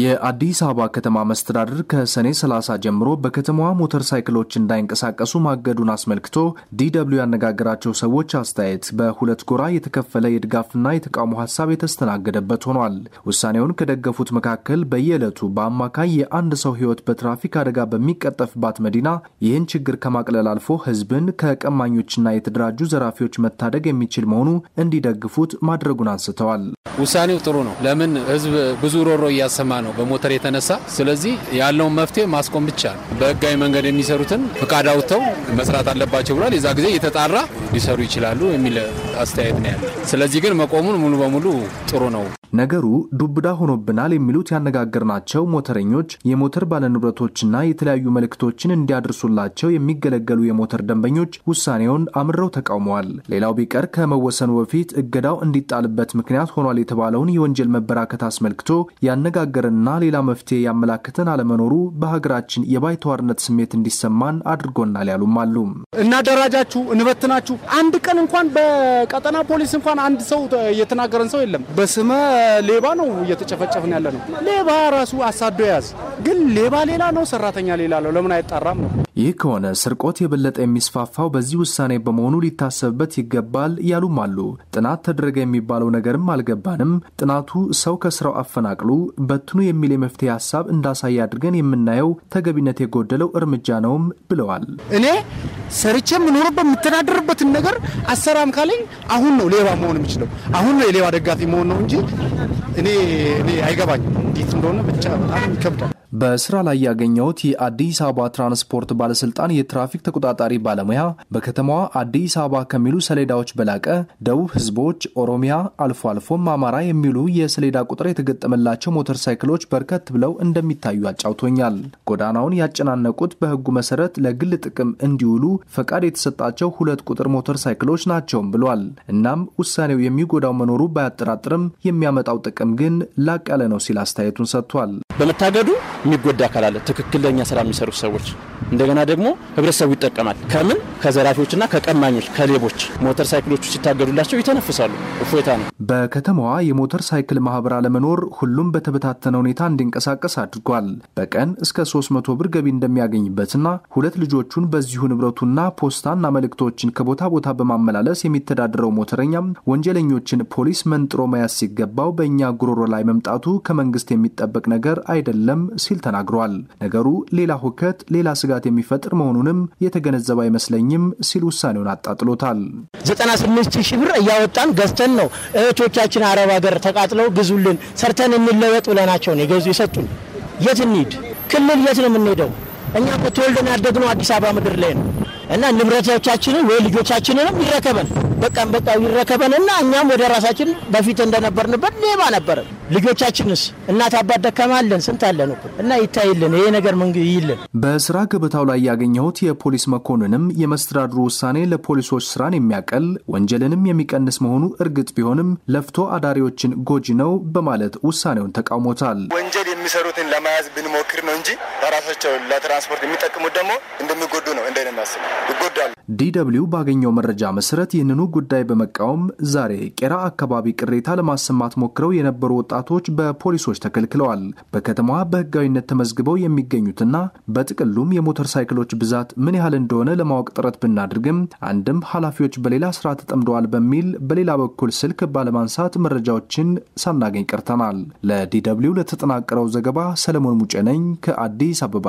የአዲስ አበባ ከተማ መስተዳድር ከሰኔ 30 ጀምሮ በከተማዋ ሞተር ሳይክሎች እንዳይንቀሳቀሱ ማገዱን አስመልክቶ ዲደብሊው ያነጋገራቸው ሰዎች አስተያየት በሁለት ጎራ የተከፈለ የድጋፍና የተቃውሞ ሀሳብ የተስተናገደበት ሆኗል። ውሳኔውን ከደገፉት መካከል በየዕለቱ በአማካይ የአንድ ሰው ሕይወት በትራፊክ አደጋ በሚቀጠፍባት መዲና ይህን ችግር ከማቅለል አልፎ ሕዝብን ከቀማኞችና የተደራጁ ዘራፊዎች መታደግ የሚችል መሆኑ እንዲደግፉት ማድረጉን አንስተዋል። ውሳኔው ጥሩ ነው። ለምን ሕዝብ ብዙ ሮሮ እያሰማ ነው ነው በሞተር የተነሳ። ስለዚህ ያለውን መፍትሄ ማስቆም ብቻ ነው። በህጋዊ መንገድ የሚሰሩትን ፍቃድ አውጥተው መስራት አለባቸው ብሏል። የዛ ጊዜ የተጣራ ሊሰሩ ይችላሉ የሚል አስተያየት ነው ያለ። ስለዚህ ግን መቆሙን ሙሉ በሙሉ ጥሩ ነው። ነገሩ ዱብዳ ሆኖብናል የሚሉት ያነጋገርናቸው ሞተረኞች የሞተር ባለንብረቶችና የተለያዩ መልእክቶችን እንዲያደርሱላቸው የሚገለገሉ የሞተር ደንበኞች ውሳኔውን አምረው ተቃውመዋል። ሌላው ቢቀር ከመወሰኑ በፊት እገዳው እንዲጣልበት ምክንያት ሆኗል የተባለውን የወንጀል መበራከት አስመልክቶ ያነጋገርና ሌላ መፍትሄ ያመላክተን አለመኖሩ በሀገራችን የባይተዋርነት ስሜት እንዲሰማን አድርጎናል ያሉም አሉ። እናደራጃችሁ፣ እንበትናችሁ አንድ ቀን እንኳን በቀጠና ፖሊስ እንኳን አንድ ሰው የተናገረን ሰው የለም በስመ ሌባ ነው እየተጨፈጨፍን ያለ ነው። ሌባ ራሱ አሳዶ ያዝ ግን ሌባ ሌላ ነው፣ ሰራተኛ ሌላ ነው። ለምን አይጣራም ነው? ይህ ከሆነ ስርቆት የበለጠ የሚስፋፋው በዚህ ውሳኔ በመሆኑ ሊታሰብበት ይገባል ያሉም አሉ። ጥናት ተደረገ የሚባለው ነገርም አልገባንም። ጥናቱ ሰው ከስራው አፈናቅሉ በትኑ የሚል የመፍትሄ ሀሳብ እንዳሳይ አድርገን የምናየው ተገቢነት የጎደለው እርምጃ ነውም ብለዋል። እኔ ሰርቼ የምኖርበት የምተዳደርበትን ነገር አሰራም ካለኝ አሁን ነው ሌባ መሆን የምችለው አሁን ነው የሌባ ደጋፊ መሆን ነው እንጂ እኔ እኔ አይገባኝም እንዴት እንደሆነ ብቻ በጣም ይከብዳል። በስራ ላይ ያገኘሁት የአዲስ አበባ ትራንስፖርት ባለስልጣን የትራፊክ ተቆጣጣሪ ባለሙያ በከተማዋ አዲስ አበባ ከሚሉ ሰሌዳዎች በላቀ ደቡብ ህዝቦች፣ ኦሮሚያ፣ አልፎ አልፎም አማራ የሚሉ የሰሌዳ ቁጥር የተገጠመላቸው ሞተር ሳይክሎች በርከት ብለው እንደሚታዩ አጫውቶኛል። ጎዳናውን ያጨናነቁት በህጉ መሰረት ለግል ጥቅም እንዲውሉ ፈቃድ የተሰጣቸው ሁለት ቁጥር ሞተር ሳይክሎች ናቸውም ብሏል። እናም ውሳኔው የሚጎዳው መኖሩ ባያጠራጥርም የሚያመጣው ጥቅም ግን ላቅ ያለ ነው ሲል አስተያየቱን ሰጥቷል። በመታገዱ የሚጎዳ አካል አለ። ትክክለኛ ስራ የሚሰሩ ሰዎች እንደገና ደግሞ ህብረተሰቡ ይጠቀማል። ከምን ከዘራፊዎችና ከቀማኞች ከሌቦች። ሞተር ሳይክሎቹ ሲታገዱላቸው ይተነፍሳሉ። እፎይታ ነው። በከተማዋ የሞተር ሳይክል ማህበር አለመኖር ሁሉም በተበታተነ ሁኔታ እንዲንቀሳቀስ አድርጓል። በቀን እስከ 300 ብር ገቢ እንደሚያገኝበትና ሁለት ልጆቹን በዚሁ ንብረቱና ፖስታና መልእክቶችን ከቦታ ቦታ በማመላለስ የሚተዳደረው ሞተረኛም ወንጀለኞችን ፖሊስ መንጥሮ መያዝ ሲገባው በእኛ ጉሮሮ ላይ መምጣቱ ከመንግስት የሚጠበቅ ነገር አይደለም ሲል ሲል ተናግሯል። ነገሩ ሌላ ሁከት፣ ሌላ ስጋት የሚፈጥር መሆኑንም የተገነዘበ አይመስለኝም ሲል ውሳኔውን አጣጥሎታል። 96 ሺህ ብር እያወጣን ገዝተን ነው እህቶቻችን አረብ ሀገር ተቃጥለው ግዙልን ሰርተን እንለወጥ ብለናቸው ነው የገዙ የሰጡን። የት እንሂድ? ክልል የት ነው የምንሄደው? እኛ ተወልደን ያደግነው አዲስ አበባ ምድር ላይ ነው። እና ንብረቶቻችንን ወይ ልጆቻችንንም ይረከበን በቃም በቃ ይረከበን እና እኛም ወደ ራሳችን በፊት እንደነበርንበት ሌባ ነበርን። ልጆቻችንስ እናት አባት ደከማለን ስንት አለን እና ይታይልን ይሄ ነገር ምን ይልን። በስራ ገበታው ላይ ያገኘሁት የፖሊስ መኮንንም የመስተዳድሩ ውሳኔ ለፖሊሶች ስራን የሚያቀል ወንጀልንም የሚቀንስ መሆኑ እርግጥ ቢሆንም ለፍቶ አዳሪዎችን ጎጂ ነው በማለት ውሳኔውን ተቃውሞታል። ወንጀል የሚሰሩትን ለመያዝ ብንሞክር ነው እንጂ ለራሳቸው ለትራንስፖርት የሚጠቅሙት ደግሞ እንደሚጎዱ ነው እንደ ማስብ ይጎዳሉ። ዲደብልዩ ባገኘው መረጃ መሰረት ይህንኑ ጉዳይ በመቃወም ዛሬ ቄራ አካባቢ ቅሬታ ለማሰማት ሞክረው የነበሩ ወጣቶች በፖሊሶች ተከልክለዋል። በከተማዋ በህጋዊነት ተመዝግበው የሚገኙትና በጥቅሉም የሞተር ሳይክሎች ብዛት ምን ያህል እንደሆነ ለማወቅ ጥረት ብናድርግም አንድም ኃላፊዎች በሌላ ስራ ተጠምደዋል በሚል በሌላ በኩል ስልክ ባለማንሳት መረጃዎችን ሳናገኝ ቀርተናል። ለዲደብልዩ ለተጠናቀረው ዘገባ ሰለሞን ሙጬ ነኝ ከአዲስ አበባ